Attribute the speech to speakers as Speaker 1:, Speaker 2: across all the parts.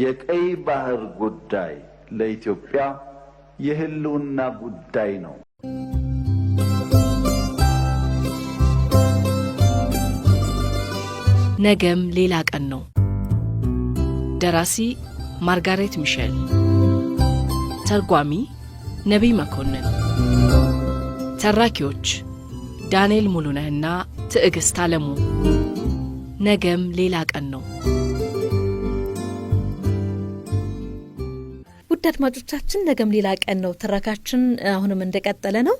Speaker 1: የቀይ ባህር ጉዳይ ለኢትዮጵያ የህልውና ጉዳይ ነው።
Speaker 2: ነገም ሌላ ቀን ነው። ደራሲ ማርጋሬት ሚሸል ተርጓሚ ነቢይ መኮንን፣ ተራኪዎች ዳንኤል ሙሉነህና ትዕግሥት አለሙ። ነገም ሌላ ቀን ነው።
Speaker 3: አድማጮቻችን ነገም ሌላ ቀን ነው። ትረካችን አሁንም እንደቀጠለ ነው።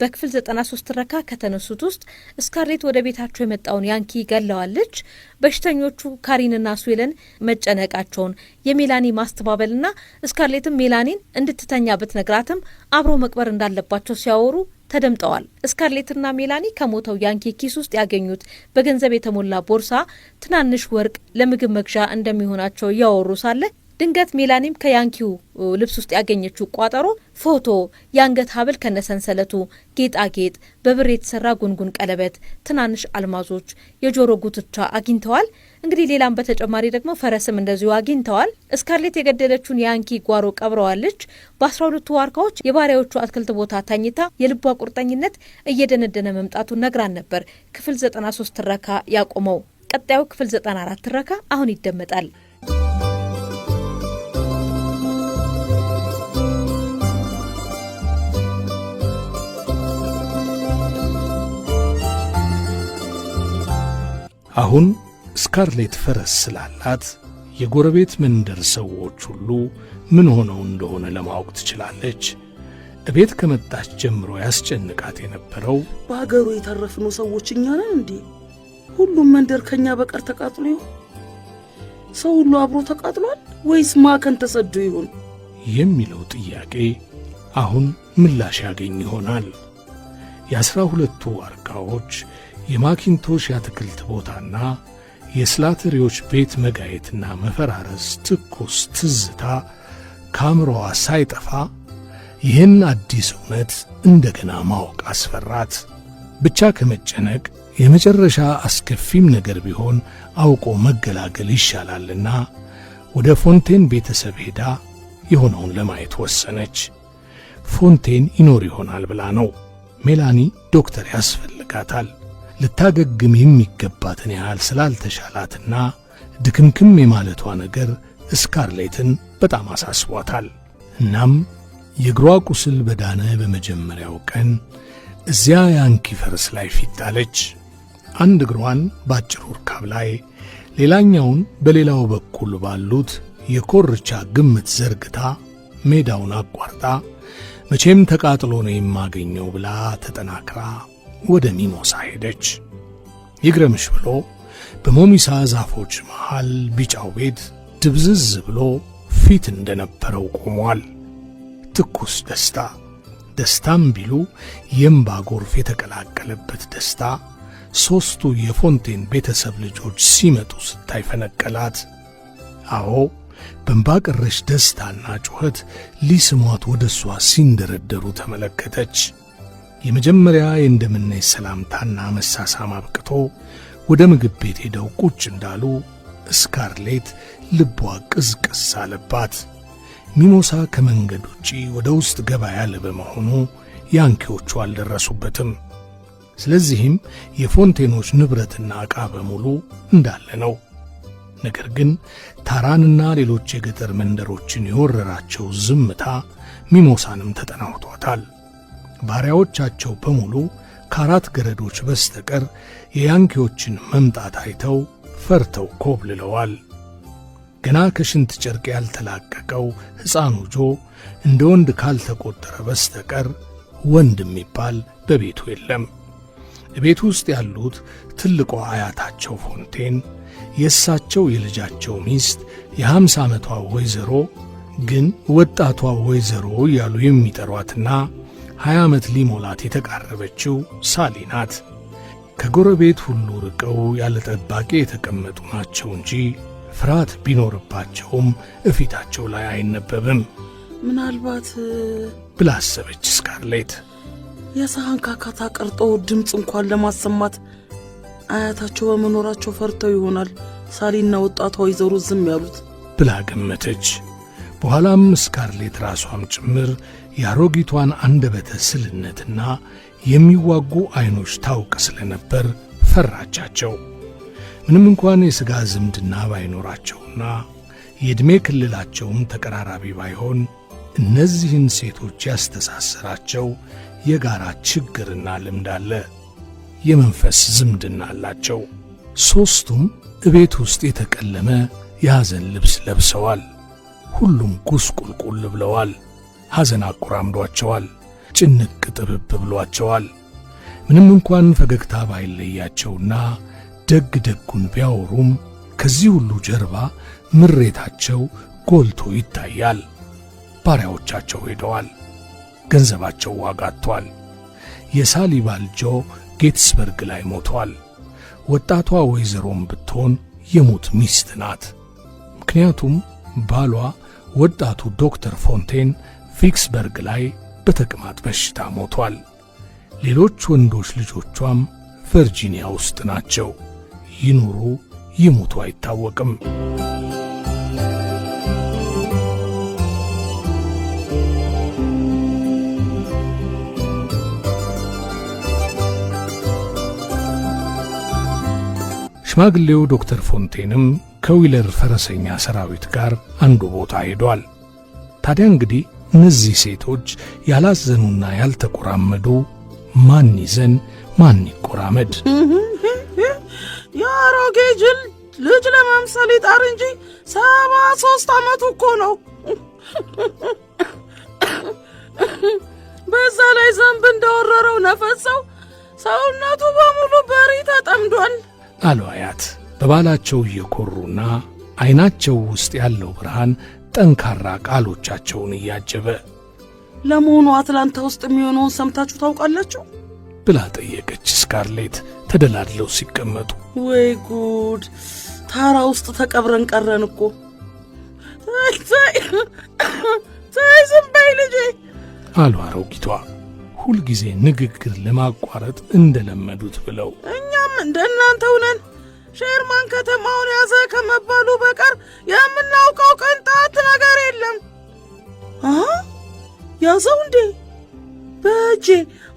Speaker 3: በክፍል ዘጠና ሶስት ትረካ ከተነሱት ውስጥ እስካርሌት ወደ ቤታቸው የመጣውን ያንኪ ገለዋለች። በሽተኞቹ ካሪንና ስዌለን መጨነቃቸውን የሜላኒ ማስተባበልና ስካርሌትም ሜላኒን እንድትተኛ ብትነግራትም አብሮ መቅበር እንዳለባቸው ሲያወሩ ተደምጠዋል። እስካርሌትና ሜላኒ ከሞተው ያንኪ ኪስ ውስጥ ያገኙት በገንዘብ የተሞላ ቦርሳ፣ ትናንሽ ወርቅ ለምግብ መግዣ እንደሚሆናቸው እያወሩ ሳለ ድንገት ሜላኒም ከያንኪው ልብስ ውስጥ ያገኘችው ቋጠሮ ፎቶ፣ የአንገት ሀብል ከነሰንሰለቱ፣ ጌጣጌጥ፣ በብር የተሰራ ጉንጉን ቀለበት፣ ትናንሽ አልማዞች፣ የጆሮ ጉትቻ አግኝተዋል። እንግዲህ ሌላም በተጨማሪ ደግሞ ፈረስም እንደዚሁ አግኝተዋል። እስካርሌት የገደለችውን የያንኪ ጓሮ ቀብረዋለች። በአስራ ሁለቱ ዋርካዎች የባሪያዎቹ አትክልት ቦታ ታኝታ የልቧ ቁርጠኝነት እየደነደነ መምጣቱን ነግራን ነበር። ክፍል 93 ትረካ ያቆመው ቀጣዩ ክፍል 94 ትረካ አሁን ይደመጣል።
Speaker 4: አሁን ስካርሌት ፈረስ ስላላት የጎረቤት መንደር ሰዎች ሁሉ ምን ሆነው እንደሆነ ለማወቅ ትችላለች። እቤት ከመጣች ጀምሮ ያስጨንቃት የነበረው
Speaker 5: በአገሩ የተረፍነው ሰዎች እኛ ነን እንዴ? ሁሉም መንደር ከእኛ በቀር ተቃጥሎ ይሆን? ሰው ሁሉ አብሮ ተቃጥሏል ወይስ ማከን ተሰዶ ይሆን
Speaker 4: የሚለው ጥያቄ አሁን ምላሽ ያገኝ ይሆናል። የአስራ ሁለቱ አርጋዎች። የማኪንቶሽ የአትክልት ቦታና የስላተሪዎች ቤት መጋየትና መፈራረስ ትኩስ ትዝታ ካምሮዋ ሳይጠፋ ይህን አዲስ እውነት እንደገና ማወቅ አስፈራት። ብቻ ከመጨነቅ የመጨረሻ አስከፊም ነገር ቢሆን አውቆ መገላገል ይሻላልና ወደ ፎንቴን ቤተሰብ ሄዳ የሆነውን ለማየት ወሰነች። ፎንቴን ይኖር ይሆናል ብላ ነው። ሜላኒ ዶክተር ያስፈልጋታል። ልታገግም የሚገባትን ያህል ስላልተሻላትና ድክምክም የማለቷ ነገር እስካርሌትን በጣም አሳስቧታል። እናም የእግሯ ቁስል በዳነ በመጀመሪያው ቀን እዚያ ያንኪ ፈርስ ላይ ፊት አለች። አንድ እግሯን በአጭሩ ወርካብ ላይ ሌላኛውን በሌላው በኩል ባሉት የኮርቻ ግምት ዘርግታ ሜዳውን አቋርጣ መቼም ተቃጥሎ ነው የማገኘው ብላ ተጠናክራ ወደ ሚሞሳ ሄደች። ይግረምሽ ብሎ በሞሚሳ ዛፎች መሃል ቢጫው ቤት ድብዝዝ ብሎ ፊት እንደነበረው ቆሟል። ትኩስ ደስታ፣ ደስታም ቢሉ የእምባ ጎርፍ የተቀላቀለበት ደስታ ሦስቱ የፎንቴን ቤተሰብ ልጆች ሲመጡ ስታይ ፈነቀላት። አዎ በእምባ ቀረሽ ደስታና ጩኸት ሊስሟት ወደ እሷ ሲንደረደሩ ተመለከተች። የመጀመሪያ የእንደምናይ ሰላምታና መሳሳም አብቅቶ ወደ ምግብ ቤት ሄደው ቁጭ እንዳሉ እስካርሌት ልቧ ቅዝቅዝ አለባት። ሚሞሳ ከመንገድ ውጪ ወደ ውስጥ ገባ ያለ በመሆኑ ያንኪዎቹ አልደረሱበትም። ስለዚህም የፎንቴኖች ንብረትና ዕቃ በሙሉ እንዳለ ነው። ነገር ግን ታራንና ሌሎች የገጠር መንደሮችን የወረራቸው ዝምታ ሚሞሳንም ተጠናውቷታል። ባሪያዎቻቸው በሙሉ ከአራት ገረዶች በስተቀር የያንኪዎችን መምጣት አይተው ፈርተው ኮብልለዋል። ገና ከሽንት ጨርቅ ያልተላቀቀው ሕፃኑ ጆ እንደ ወንድ ካልተቆጠረ በስተቀር ወንድ የሚባል በቤቱ የለም። ቤት ውስጥ ያሉት ትልቋ አያታቸው ፎንቴን፣ የእሳቸው የልጃቸው ሚስት የሀምሳ ዓመቷ ወይዘሮ ግን ወጣቷ ወይዘሮ እያሉ የሚጠሯትና ሀያ ዓመት ሊሞላት የተቃረበችው ሳሊ ናት። ከጎረቤት ሁሉ ርቀው ያለ ጠባቂ የተቀመጡ ናቸው እንጂ ፍርሃት ቢኖርባቸውም እፊታቸው ላይ አይነበብም።
Speaker 5: ምናልባት
Speaker 4: ብላ አሰበች ስካርሌት።
Speaker 5: የሰሃን ካካታ ቀርጦ ድምፅ እንኳን ለማሰማት አያታቸው በመኖራቸው ፈርተው ይሆናል ሳሊና ወጣቷ ወይዘሮ ዝም ያሉት
Speaker 4: ብላ ገመተች። በኋላም ስካርሌት ራሷም ጭምር የአሮጊቷን አንደበተ ስልነትና የሚዋጉ ዐይኖች ታውቅ ስለነበር ፈራቻቸው። ምንም እንኳን የሥጋ ዝምድና ባይኖራቸውና የዕድሜ ክልላቸውም ተቀራራቢ ባይሆን እነዚህን ሴቶች ያስተሳሰራቸው የጋራ ችግርና ልምድ አለ። የመንፈስ ዝምድና አላቸው። ሦስቱም እቤት ውስጥ የተቀለመ የሐዘን ልብስ ለብሰዋል። ሁሉም ጉስቁልቁል ብለዋል። ሐዘን አቆራምዷቸዋል፣ ጭንቅ ጥብብ ብሏቸዋል። ምንም እንኳን ፈገግታ ባይለያቸውና ደግ ደጉን ቢያወሩም ከዚህ ሁሉ ጀርባ ምሬታቸው ጎልቶ ይታያል። ባሪያዎቻቸው ሄደዋል። ገንዘባቸው ዋጋቷል። አጥቷል። የሳሊባል ጆ ጌትስበርግ ላይ ሞቷል። ወጣቷ ወይዘሮም ብትሆን የሞት ሚስት ናት። ምክንያቱም ባሏ ወጣቱ ዶክተር ፎንቴን ቪክስበርግ ላይ በተቅማጥ በሽታ ሞቷል። ሌሎች ወንዶች ልጆቿም ቨርጂኒያ ውስጥ ናቸው። ይኑሩ ይሙቱ አይታወቅም። ሽማግሌው ዶክተር ፎንቴንም ከዊለር ፈረሰኛ ሰራዊት ጋር አንዱ ቦታ ሄዷል። ታዲያ እንግዲህ እነዚህ ሴቶች ያላዘኑና ያልተቆራመዱ ማን ይዘን ማን ይቆራመድ?
Speaker 5: የአሮጌ ጅል ልጅ ለመምሰል ይጣር እንጂ ሰባ ሶስት ዓመቱ እኮ ነው። በዛ ላይ ዘንብ እንደወረረው ነፈሰው ሰውነቱ በሙሉ በሪ ተጠምዷል
Speaker 4: አሉ አያት በባላቸው እየኮሩና ዐይናቸው ውስጥ ያለው ብርሃን ጠንካራ ቃሎቻቸውን እያጀበ
Speaker 5: ለመሆኑ አትላንታ ውስጥ የሚሆነውን ሰምታችሁ ታውቃላችሁ?
Speaker 4: ብላ ጠየቀች ስካርሌት ተደላድለው ሲቀመጡ።
Speaker 5: ወይ ጉድ! ታራ ውስጥ ተቀብረን ቀረን እኮ። ተይ ዝም በይ ልጄ
Speaker 4: አሉ አሮጊቷ ሁልጊዜ ንግግር ለማቋረጥ እንደለመዱት ብለው።
Speaker 5: እኛም እንደ እናንተ ሼርማን ከተማውን ያዘ ከመባሉ በቀር የምናውቀው ቅንጣት ነገር የለም። አ ያዘው እንዴ? በእጄ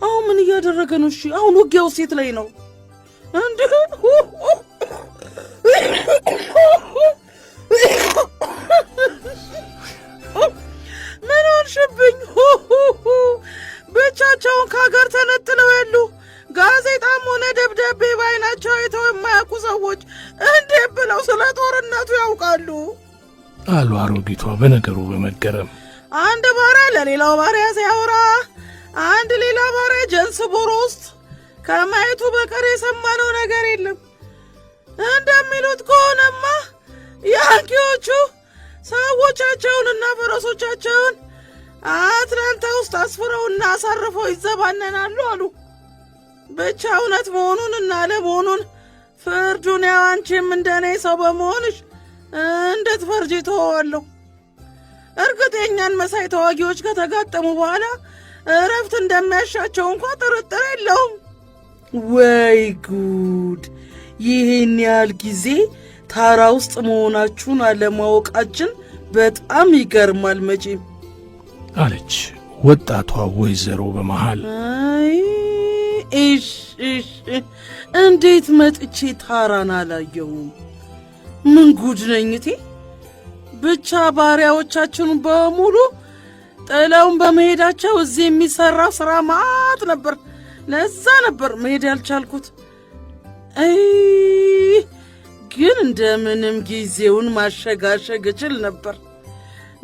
Speaker 5: አሁን ምን እያደረገ ነው? እሺ አሁን ውጊያው ሴት ላይ ነው እንዴ? ምን ሆንሽብኝ? ብቻቸውን ከሀገር ተነጥለው ያሉ ጋዜጣም ሆነ ደብዳቤ ባይናቸው አይተው የማያውቁ ሰዎች እንዴ ብለው ስለ ጦርነቱ ያውቃሉ?
Speaker 4: አሉ አሮጊቷ በነገሩ በመገረም።
Speaker 5: አንድ ባሪያ ለሌላው ባሪያ ሲያወራ፣ አንድ ሌላ ባሪያ ጀንስ ቦሮ ውስጥ ከማየቱ በቀር የሰማነው ነገር የለም። እንደሚሉት ከሆነማ ያንኪዎቹ ሰዎቻቸውንና ፈረሶቻቸውን አትላንታ ውስጥ አስፍረውና አሳርፈው ይዘባነናሉ አሉ። ብቻ እውነት መሆኑን እና ለመሆኑን ፍርዱን ያው አንቺም እንደኔ ሰው በመሆንሽ እንድትፈርጂ ተወዋለሁ። እርግጥ የእኛን መሳይ ተዋጊዎች ከተጋጠሙ በኋላ እረፍት እንደሚያሻቸው እንኳ ጥርጥር የለውም። ወይ ጉድ! ይህን ያህል ጊዜ ታራ ውስጥ መሆናችሁን አለማወቃችን በጣም ይገርማል መቼም
Speaker 4: አለች ወጣቷ ወይዘሮ በመሃል
Speaker 5: እሽ እሽ፣ እንዴት መጥቼ ታራን አላየሁም? ምን ጉድ ነኝ እቴ። ብቻ ባሪያዎቻችን በሙሉ ጥለውን በመሄዳቸው እዚህ የሚሰራ ስራ ማት ነበር። ለዛ ነበር መሄድ ያልቻልኩት። አይ ግን እንደምንም ጊዜውን ማሸጋሸግ እችል ነበር።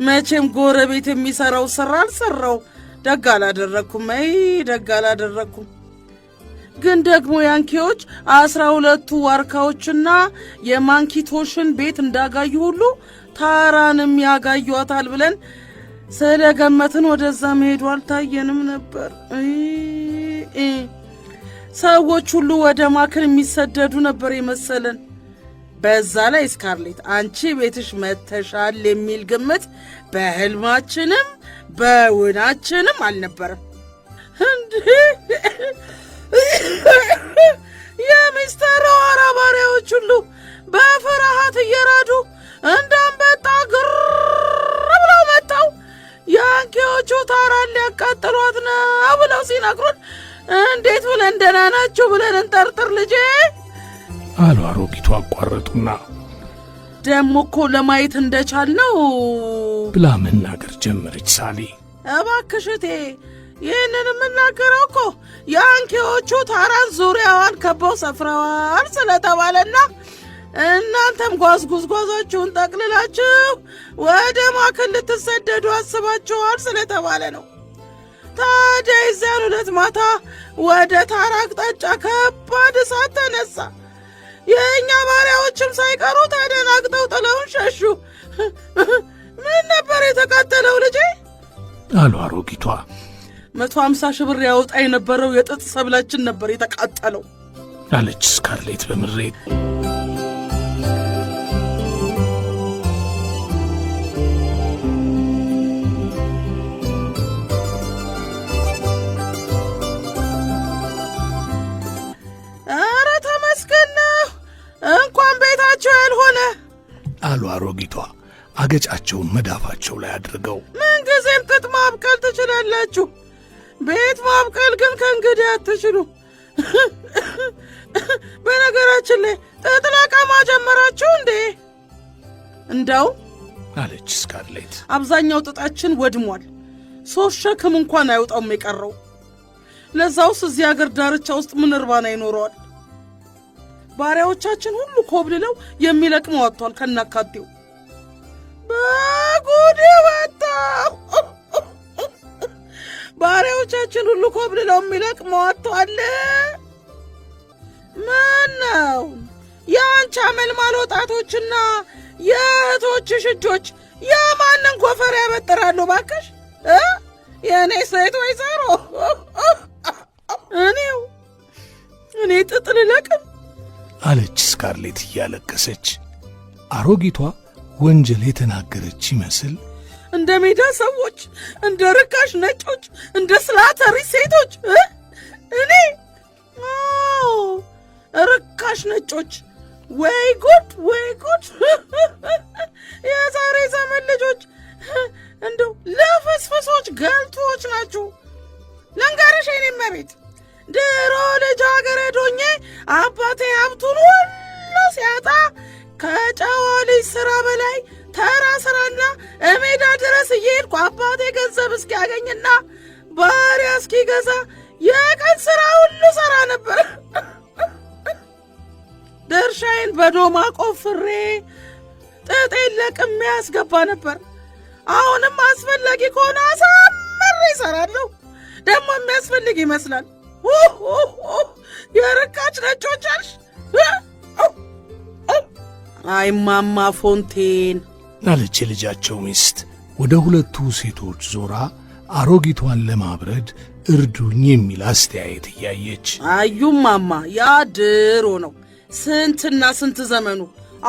Speaker 5: መቼም ጎረቤት የሚሰራው ስራ አልሰራው ደግ አላደረግኩም። አይ ደግ አላደረግኩም። ግን ደግሞ ያንኪዎች አስራ ሁለቱ ዋርካዎችና የማንኪቶሽን ቤት እንዳጋዩ ሁሉ ታራንም ያጋዩታል ብለን ስለገመትን ወደዛ መሄዱ አልታየንም ነበር። ሰዎች ሁሉ ወደ ማክር የሚሰደዱ ነበር የመሰለን። በዛ ላይ ስካርሌት አንቺ ቤትሽ መተሻል የሚል ግምት በህልማችንም በውናችንም አልነበረም። እንዲህ የሚስተር አዋራ ባሪያዎች ሁሉ በፍርሃት እየራዱ እንዳንበጣ ግር ብለው መጣው የአንኪዎቹ ታራን ሊያቃጥሏት ነው ብለው ሲነግሩን እንዴት ብለን ደህና ናችሁ ብለን እንጠርጥር ልጄ
Speaker 4: አሉ አሮጊቱ አቋረጡና
Speaker 5: ደሞ እኮ ለማየት ነው
Speaker 4: ብላ መናገር ጀመረች። ሳሌ
Speaker 5: እባክሽቴ ይህንን የምናገረው እኮ የአንኪዎቹ ታራን ዙሪያዋን ከበው ሰፍረዋል ስለተባለና እናንተም ጓዝጉዝጓዛችሁን ጠቅልላችሁ ወደ ማክ ልትሰደዱ አስባችኋል ስለተባለ ነው። ታዲያ የዚያን ሁለት ማታ ወደ ታራ አቅጣጫ ከባድ እሳት ተነሳ። የእኛ ባሪያዎችም ሳይቀሩ ተደናግጠው ጥለውን ሸሹ። ምን ነበር የተቃጠለው ልጄ?
Speaker 4: አሉ አሮጊቷ።
Speaker 5: 150 ሺህ ብር ያወጣ የነበረው የጥጥ ሰብላችን ነበር የተቃጠለው
Speaker 4: አለች ስካርሌት በምሬት።
Speaker 5: ኧረ ተመስገን እንኳን ቤታቸው ያልሆነ
Speaker 4: አሉ አሮጊቷ አገጫቸውን መዳፋቸው ላይ አድርገው።
Speaker 5: ምንጊዜም ጥጥ ማብቀል ትችላላችሁ ቤት ማብቀል ግን ከእንግዲህ አትችሉ። በነገራችን ላይ ጥጥ ለቀማ ጀመራችሁ እንዴ? እንደው
Speaker 4: አለች ስካርሌት፣
Speaker 5: አብዛኛው ጥጣችን ወድሟል። ሶስት ሸክም እንኳን አይወጣውም የቀረው። ለዛውስ እዚህ አገር ዳርቻ ውስጥ ምን እርባና ይኖረዋል? ባሪያዎቻችን ሁሉ ኮብልለው የሚለቅመው አጥቷል ከናካቴው። በጉድ ወጣሁ ባሪያዎቻችን ሁሉ ኮብልለው የሚለቅ አጥተዋል። ምን ነው የአንቺ አመልማል ወጣቶችና የእህቶችሽ እጆች የማንን ኮፈር ያበጥራሉ? ባከሽ የእኔ ሴት ወይዘሮ እኔው እኔ ጥጥ ልለቅም
Speaker 4: አለች ስካርሌት እያለቀሰች። አሮጊቷ ወንጀል የተናገረች ይመስል
Speaker 5: እንደ ሜዳ ሰዎች፣ እንደ ርካሽ ነጮች፣ እንደ ስላተሪ ሴቶች እኔ አዎ ርካሽ ነጮች። ወይ ጉድ ወይ ጉድ! የዛሬ ዘመን ልጆች እንደው ለፍስፍሶች ገልቶዎች ናችሁ። ለንገርሽ የኔ እመቤት፣ ድሮ ልጃገረድ ሆኜ አባቴ ሀብቱን ሁሉ ሲያጣ ከጨዋ ልጅ ስራ በላይ ተራ ስራና እሜዳ ድረስ እየሄድኩ አባቴ ገንዘብ እስኪያገኝና ባሪያ እስኪገዛ የቀን ስራ ሁሉ ሰራ ነበር። ድርሻዬን በዶማ ቆፍሬ ጥጤን ለቅሜ ያስገባ ነበር። አሁንም አስፈላጊ ከሆነ አሳምሬ ይሰራለሁ። ደግሞ የሚያስፈልግ ይመስላል። የርካች ነጮቻልሽ አይ ማማ ፎንቴን
Speaker 4: አለች የልጃቸው ሚስት ወደ ሁለቱ ሴቶች ዞራ አሮጊቷን ለማብረድ እርዱኝ የሚል አስተያየት እያየች
Speaker 5: አዩማማ ማማ ያ ድሮ ነው፣ ስንትና ስንት ዘመኑ።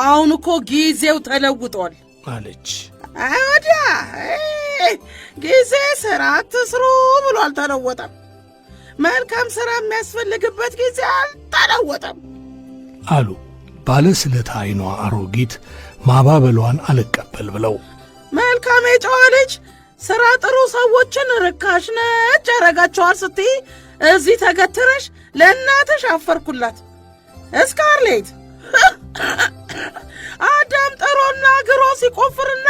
Speaker 5: አሁን እኮ ጊዜው ተለውጧል አለች። አወዳ ጊዜ ሥራ አትስሩ ብሎ አልተለወጠም። መልካም ሥራ የሚያስፈልግበት ጊዜ አልተለወጠም
Speaker 4: አሉ ባለ ስለት ዓይኗ አሮጊት ማባበሏን አልቀበል ብለው
Speaker 5: መልካም የጨዋ ልጅ ሥራ ጥሩ ሰዎችን ርካሽ ነጭ ያረጋቸዋል ስትይ እዚህ ተገትረሽ ለእናትሽ አፈርኩላት። እስካርሌት አዳም ጥሮና ግሮ ሲቆፍርና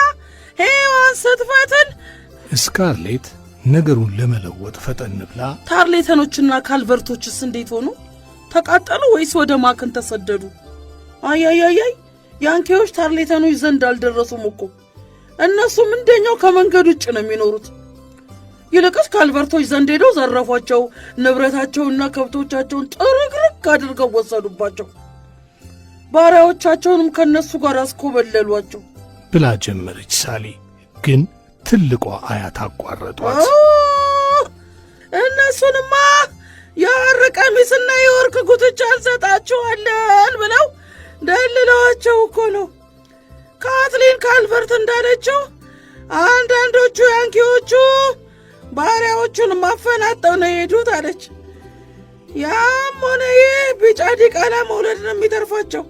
Speaker 5: ሔዋን ስትፈትን።
Speaker 4: እስካርሌት ነገሩን ለመለወጥ ፈጠን ብላ
Speaker 5: ታርሌተኖችና ካልቨርቶችስ እንዴት ሆኑ? ተቃጠሉ ወይስ ወደ ማክን ተሰደዱ? አያያያይ የአንኪዎች ታርሌተኖች ዘንድ አልደረሱም እኮ እነሱም እንደኛው ከመንገድ ውጭ ነው የሚኖሩት። ይልቅስ ከአልበርቶች ዘንድ ሄደው ዘረፏቸው፣ ንብረታቸውንና ከብቶቻቸውን ጥርግርግ አድርገው ወሰዱባቸው፣ ባሪያዎቻቸውንም ከእነሱ ጋር አስኮበለሏቸው
Speaker 4: ብላ ጀመረች። ሳሊ ግን ትልቋ አያት አቋረጧት።
Speaker 5: እነሱንማ የወርቅ ቀሚስና የወርቅ ጉትቻ እንሰጣችኋለን ብለው ደልለዋቸው እኮ ነው። ካትሊን ካልቨርት እንዳለችው አንዳንዶቹ ያንኪዎቹ ባሪያዎቹን ማፈናጠው ነው የሄዱት አለች። ያም ሆነ ይህ ቢጫ ዲቃላ መውለድ ነው የሚተርፋቸው።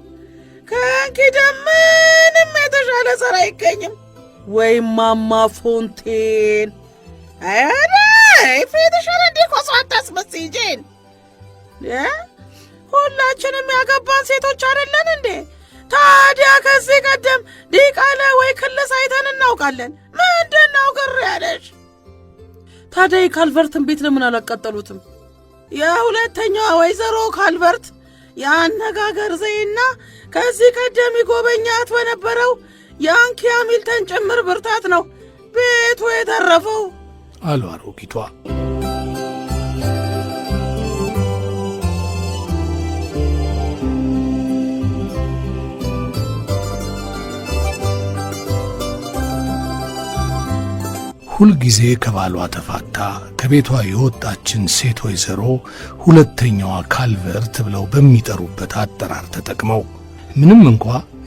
Speaker 5: ከእንኪደ ምንም የተሻለ ጸራ አይገኝም። ወይ ማማ ፎንቴን ኧረ ፊትሽን እንዲህ ኮሶ አታስመስይ ሁላችንም ያገባን ሴቶች አይደለን እንዴ? ታዲያ ከዚህ ቀደም ዲቃለ ወይ ክልስ አይተን እናውቃለን። ምንድን ነው ግር ያለሽ? ታዲያ የካልቨርትን ቤት ለምን አላቃጠሉትም? የሁለተኛዋ ወይዘሮ ካልቨርት የአነጋገር ዘይና ከዚህ ቀደም ይጎበኛት በነበረው የአንኪ ሃሚልተን ጭምር ብርታት ነው ቤቱ የተረፈው
Speaker 4: አሉ አሮጊቷ። ሁልጊዜ ከባሏ ተፋታ ከቤቷ የወጣችን ሴት ወይዘሮ ሁለተኛዋ ካልቨርት ብለው በሚጠሩበት አጠራር ተጠቅመው ምንም እንኳ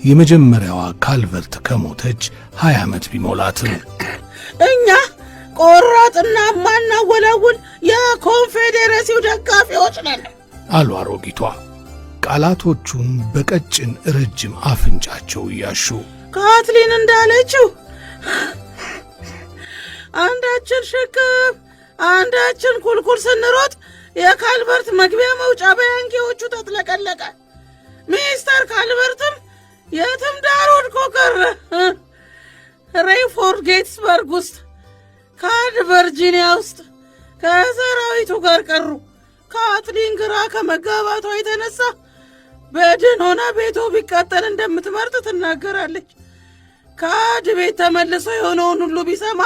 Speaker 4: የመጀመሪያዋ ካልቨርት ከሞተች ሀያ ዓመት ቢሞላትም
Speaker 5: እኛ ቆራጥና ማናወላውል የኮንፌዴሬሲው ደጋፊዎች ነን
Speaker 4: አሉ አሮጊቷ ቃላቶቹን በቀጭን ረጅም አፍንጫቸው እያሹ
Speaker 5: ካትሊን እንዳለችው አንዳችን ሽክፍ አንዳችን ኩልኩል ስንሮጥ የካልበርት መግቢያ መውጫ በያንኪዎቹ ተጥለቀለቀ። ሚስተር ካልበርትም የትም ዳር ወድቆ ቀረ። ሬይፎርድ ጌትስበርግ ውስጥ፣ ካድ ቨርጂኒያ ውስጥ ከሰራዊቱ ጋር ቀሩ። ከአትሊን ግራ ከመጋባቷ የተነሳ በድን ሆና ቤቱ ቢቃጠል እንደምትመርጥ ትናገራለች። ካድ ቤት ተመልሶ የሆነውን ሁሉ ቢሰማ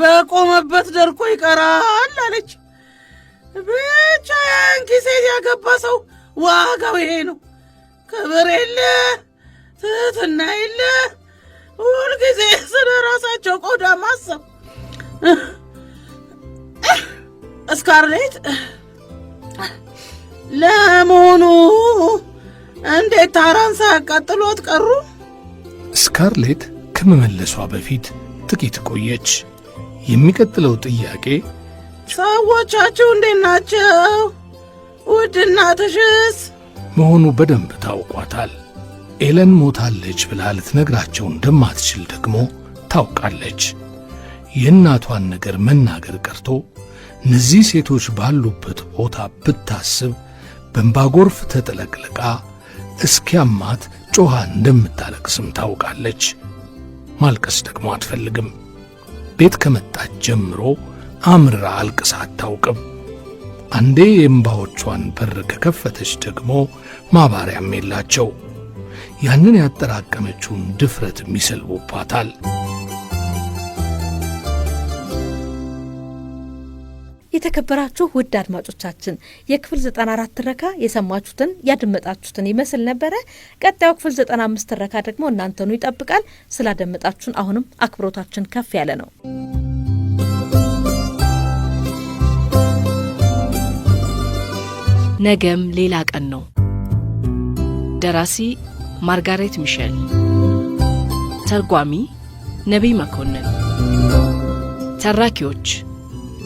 Speaker 5: በቆመበት ደርቆ ይቀራል አለች። ብቻ ያን ጊዜ ያገባ ሰው ዋጋው ይሄ ነው። ክብር የለ፣ ትህትና የለ፣ ሁልጊዜ ስለ ራሳቸው ቆዳ ማሰብ። እስካርሌት ለመሆኑ እንዴት ታራን ሳያቃጥሎት ቀሩ?
Speaker 4: እስካርሌት ከመመለሷ በፊት ጥቂት ቆየች። የሚቀጥለው ጥያቄ
Speaker 5: ሰዎቻችሁ እንዴት ናቸው ውድ እናትሽስ
Speaker 4: መሆኑ በደንብ ታውቋታል። ኤለን ሞታለች ብላ ልትነግራቸው እንደማትችል ደግሞ ታውቃለች። የእናቷን ነገር መናገር ቀርቶ እነዚህ ሴቶች ባሉበት ቦታ ብታስብ በእንባ ጎርፍ ተጥለቅልቃ እስኪያማት ጮኻ እንደምታለቅስም ታውቃለች። ማልቀስ ደግሞ አትፈልግም። ቤት ከመጣች ጀምሮ አምራ አልቅሳ አታውቅም። አንዴ የእምባዎቿን በር ከከፈተች ደግሞ ማባሪያም የላቸው። ያንን ያጠራቀመችውን ድፍረት ይሰልቡባታል።
Speaker 3: የተከበራችሁ ውድ አድማጮቻችን የክፍል 94 ትረካ የሰማችሁትን ያደመጣችሁትን ይመስል ነበረ። ቀጣዩ ክፍል 95 ትረካ ደግሞ እናንተኑ ይጠብቃል። ስላደመጣችሁን አሁንም አክብሮታችን ከፍ ያለ ነው።
Speaker 2: ነገም ሌላ ቀን ነው። ደራሲ ማርጋሬት ሚሸል፣ ተርጓሚ ነቢይ መኮንን፣ ተራኪዎች